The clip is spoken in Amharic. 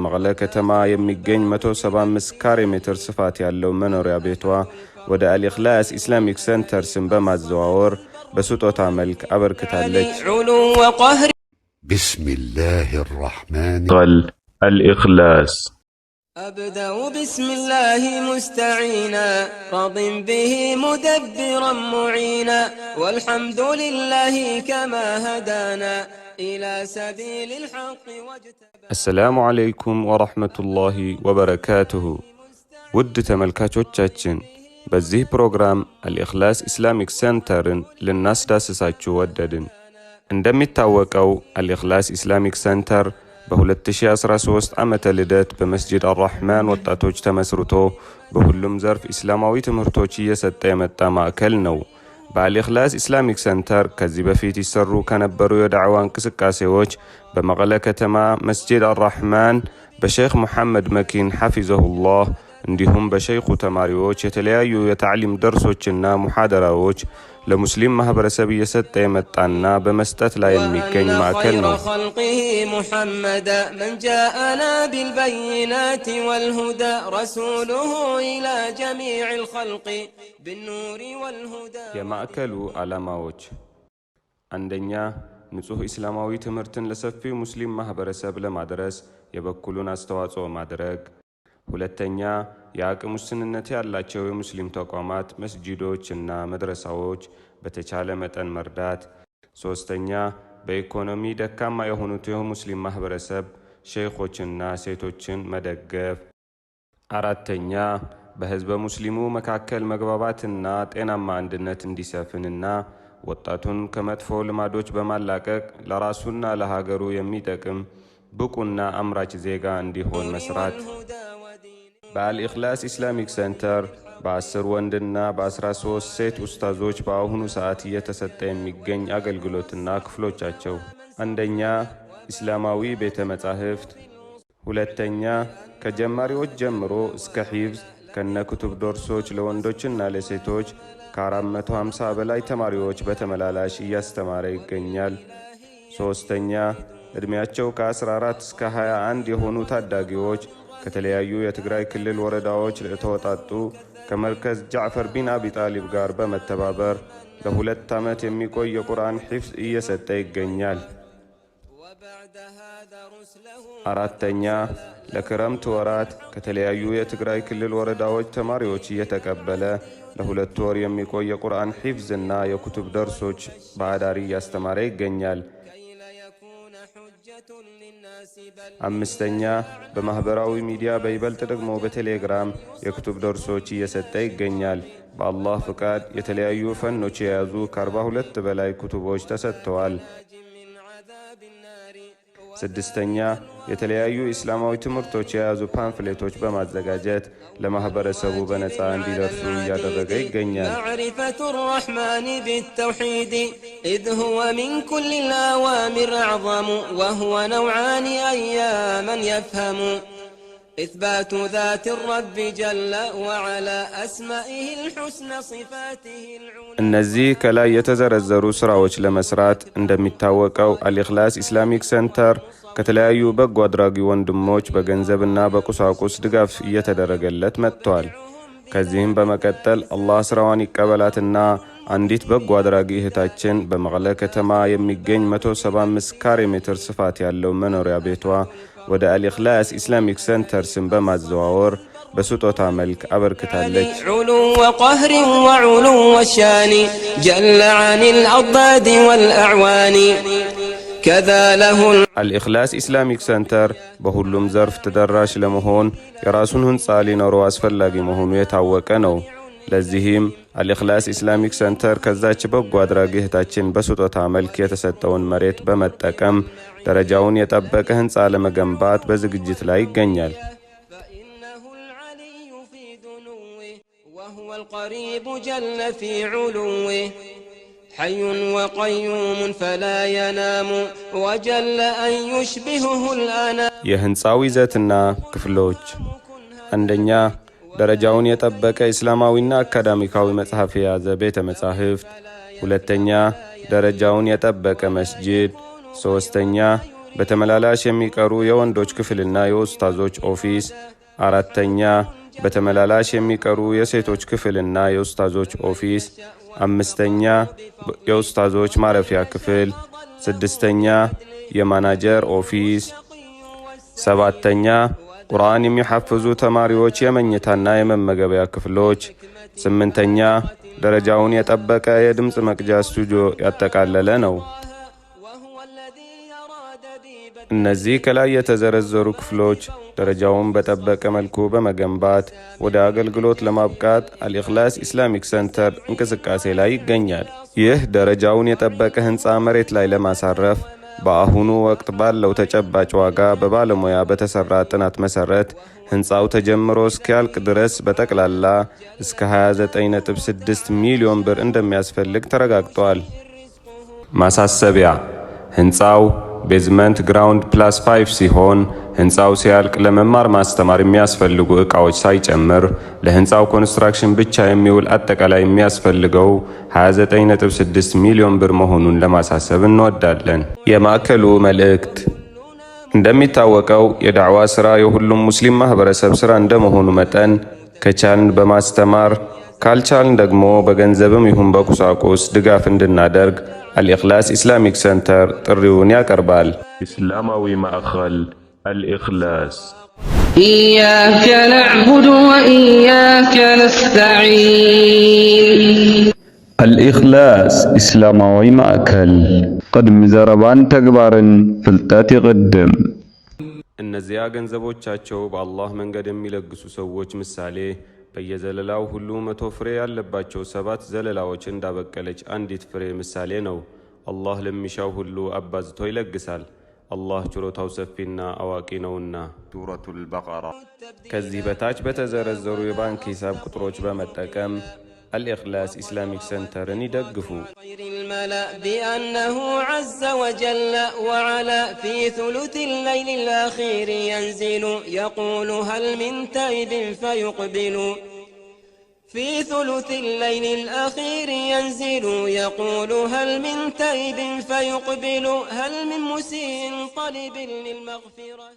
ከመቀለ ከተማ የሚገኝ 175 ካሬ ሜትር ስፋት ያለው መኖሪያ ቤቷ ወደ አልኢኽላስ ኢስላሚክ ሴንተር ስም በማዘዋወር በስጦታ መልክ አበርክታለች። بسم الله الرحمن الإخلاص أبدأ بسم الله مستعينا رض به مدبرا معينا والحمد لله كما هدانا አሰላሙ አለይኩም ወረሕመቱላሂ ወበረካቱሁ ውድ ተመልካቾቻችን በዚህ ፕሮግራም አልኢኽላስ ኢስላሚክ ሴንተርን ልናስዳስሳችሁ ወደድን። እንደሚታወቀው አልኢኽላስ ኢስላሚክ ሴንተር በ2013 ዓመተ ልደት በመስጂድ አራሕማን ወጣቶች ተመስርቶ በሁሉም ዘርፍ ኢስላማዊ ትምህርቶች እየሰጠ የመጣ ማዕከል ነው። በአልኢኽላስ ኢስላሚክ ሰንተር ከዚህ በፊት ይሰሩ ከነበሩ የዳዕዋ እንቅስቃሴዎች በመቀለ ከተማ መስጂድ አራሕማን በሼክ ሙሐመድ መኪን ሐፊዘሁላህ እንዲሁም በሸይኹ ተማሪዎች የተለያዩ የታዕሊም ደርሶችና ሙሓደራዎች ለሙስሊም ማህበረሰብ እየሰጠ የመጣና በመስጠት ላይ የሚገኝ ማዕከል ነው። የማዕከሉ ዓላማዎች አንደኛ፣ ንጹህ ኢስላማዊ ትምህርትን ለሰፊው ሙስሊም ማህበረሰብ ለማድረስ የበኩሉን አስተዋጽኦ ማድረግ ሁለተኛ የአቅም ውስንነት ያላቸው የሙስሊም ተቋማት መስጂዶች እና መድረሳዎች በተቻለ መጠን መርዳት። ሶስተኛ በኢኮኖሚ ደካማ የሆኑት የሙስሊም ማህበረሰብ ሼኾችና ሴቶችን መደገፍ። አራተኛ በህዝበ ሙስሊሙ መካከል መግባባትና ጤናማ አንድነት እንዲሰፍንና ወጣቱን ከመጥፎ ልማዶች በማላቀቅ ለራሱና ለሀገሩ የሚጠቅም ብቁና አምራች ዜጋ እንዲሆን መስራት በአልእክላስ ኢስላሚክ ሴንተር በአስር ወንድና በአስራ ሶስት ሴት ኡስታዞች በአሁኑ ሰዓት እየተሰጠ የሚገኝ አገልግሎትና ክፍሎቻቸው፣ አንደኛ ኢስላማዊ ቤተ መጻሕፍት፣ ሁለተኛ ከጀማሪዎች ጀምሮ እስከ ሒብዝ ከነ ክቱብ ዶርሶች ለወንዶችና ለሴቶች ከ450 በላይ ተማሪዎች በተመላላሽ እያስተማረ ይገኛል። ሦስተኛ ዕድሜያቸው ከ14 እስከ 21 የሆኑ ታዳጊዎች ከተለያዩ የትግራይ ክልል ወረዳዎች ለተወጣጡ ከመርከዝ ጃዕፈር ቢን አቢ ጣሊብ ጋር በመተባበር ለሁለት ዓመት የሚቆይ የቁርአን ሒፍዝ እየሰጠ ይገኛል። አራተኛ ለክረምት ወራት ከተለያዩ የትግራይ ክልል ወረዳዎች ተማሪዎች እየተቀበለ ለሁለት ወር የሚቆይ የቁርአን ሒፍዝና የኩቱብ ደርሶች በአዳሪ እያስተማረ ይገኛል። አምስተኛ በማኅበራዊ ሚዲያ በይበልጥ ደግሞ በቴሌግራም የክቱብ ደርሶች እየሰጠ ይገኛል። በአላህ ፍቃድ የተለያዩ ፈኖች የያዙ ከ42 በላይ ክቱቦች ተሰጥተዋል። سدستنيا يتلايو إسلامو تمرتو جيازو پانفليتوش بمازدگاجت لما هبر سبو بنتان دي درسو ياد رغي گنيا معرفة الرحمن بالتوحيد إذ هو من كل الآوامر أعظم وهو نوعان أياما يفهم إثبات ذات الرب جل وعلا أسمائه الحسن صفاته እነዚህ ከላይ የተዘረዘሩ ስራዎች ለመስራት እንደሚታወቀው አልኢኽላስ ኢስላሚክ ሴንተር ከተለያዩ በጎ አድራጊ ወንድሞች በገንዘብና በቁሳቁስ ድጋፍ እየተደረገለት መጥቷል። ከዚህም በመቀጠል አላህ ስራዋን ይቀበላትና አንዲት በጎ አድራጊ እህታችን በመቀለ ከተማ የሚገኝ 175 ካሬ ሜትር ስፋት ያለው መኖሪያ ቤቷ ወደ አልእክላስ ኢስላሚክ ሴንተርስን በማዘዋወር በስጦታ መልክ አበርክታለች። ዑሉ ወቀህሪ ወዑሉ ወሻኒ ጀለ አን ልአዳድ ወልአዕዋኒ አልኢኽላስ ኢስላሚክ ሴንተር በሁሉም ዘርፍ ተደራሽ ለመሆን የራሱን ህንፃ ሊኖረው አስፈላጊ መሆኑ የታወቀ ነው። ለዚህም አልእክላስ ኢስላሚክ ሰንተር ከዛች በጎ አድራጊ እህታችን በስጦታ መልክ የተሰጠውን መሬት በመጠቀም ደረጃውን የጠበቀ ህንፃ ለመገንባት በዝግጅት ላይ ይገኛል። حي وقيوم فلا ينام وجل أن يشبهه الأنام የህንፃው ይዘትና ክፍሎች አንደኛ ደረጃውን የጠበቀ እስላማዊና አካዳሚካዊ መጽሐፍ የያዘ ቤተ መጻሕፍት፣ ሁለተኛ ደረጃውን የጠበቀ መስጅድ ሦስተኛ በተመላላሽ የሚቀሩ የወንዶች ክፍልና የኡስታዞች ኦፊስ፣ አራተኛ በተመላላሽ የሚቀሩ የሴቶች ክፍልና የኡስታዞች ኦፊስ፣ አምስተኛ የኡስታዞች ማረፊያ ክፍል፣ ስድስተኛ የማናጀር ኦፊስ፣ ሰባተኛ ቁርአን የሚሐፍዙ ተማሪዎች የመኝታና የመመገቢያ ክፍሎች፣ ስምንተኛ ደረጃውን የጠበቀ የድምፅ መቅጃ ስቱዲዮ ያጠቃለለ ነው። እነዚህ ከላይ የተዘረዘሩ ክፍሎች ደረጃውን በጠበቀ መልኩ በመገንባት ወደ አገልግሎት ለማብቃት አልኢኽላስ ኢስላሚክ ሰንተር እንቅስቃሴ ላይ ይገኛል። ይህ ደረጃውን የጠበቀ ህንፃ መሬት ላይ ለማሳረፍ በአሁኑ ወቅት ባለው ተጨባጭ ዋጋ በባለሙያ በተሰራ ጥናት መሰረት ህንፃው ተጀምሮ እስኪያልቅ ድረስ በጠቅላላ እስከ 296 ሚሊዮን ብር እንደሚያስፈልግ ተረጋግጧል። ማሳሰቢያ ህንፃው ቤዝመንት ግራውንድ ፕላስ 5 ሲሆን ህንፃው ሲያልቅ ለመማር ማስተማር የሚያስፈልጉ እቃዎች ሳይጨምር ለህንፃው ኮንስትራክሽን ብቻ የሚውል አጠቃላይ የሚያስፈልገው 296 ሚሊዮን ብር መሆኑን ለማሳሰብ እንወዳለን። የማዕከሉ መልእክት እንደሚታወቀው የዳዕዋ ስራ የሁሉም ሙስሊም ማህበረሰብ ስራ እንደመሆኑ መጠን ከቻልን በማስተማር ካልቻልን ደግሞ በገንዘብም ይሁን በቁሳቁስ ድጋፍ እንድናደርግ አልኢኽላስ ኢስላሚክ ሴንተር ጥሪውን ያቀርባል። ኢስላማዊ ማዕከል አልኢኽላስ። ኢያከ ነዕቡዱ ወኢያከ ነስተዒን። አልኢኽላስ ኢስላማዊ ማዕከል ቅድሚ ዘረባን ተግባርን ፍልጠት ይቅድም። እነዚያ ገንዘቦቻቸው በአላህ መንገድ የሚለግሱ ሰዎች ምሳሌ በየዘለላው ሁሉ መቶ ፍሬ ያለባቸው ሰባት ዘለላዎች እንዳበቀለች አንዲት ፍሬ ምሳሌ ነው። አላህ ለሚሻው ሁሉ አባዝቶ ይለግሳል። አላህ ችሎታው ሰፊና አዋቂ ነውና። ሱረቱል በቀራ ከዚህ በታች በተዘረዘሩ የባንክ ሂሳብ ቁጥሮች በመጠቀም الإخلاص إسلاميك سنتر ندقفو غير الملأ بأنه عز وجل وعلا في ثلث الليل الأخير ينزل يقول هل من تائب فيقبل في ثلث الليل الأخير ينزل يقول هل من تائب فيقبل هل من مسيء طالب للمغفرة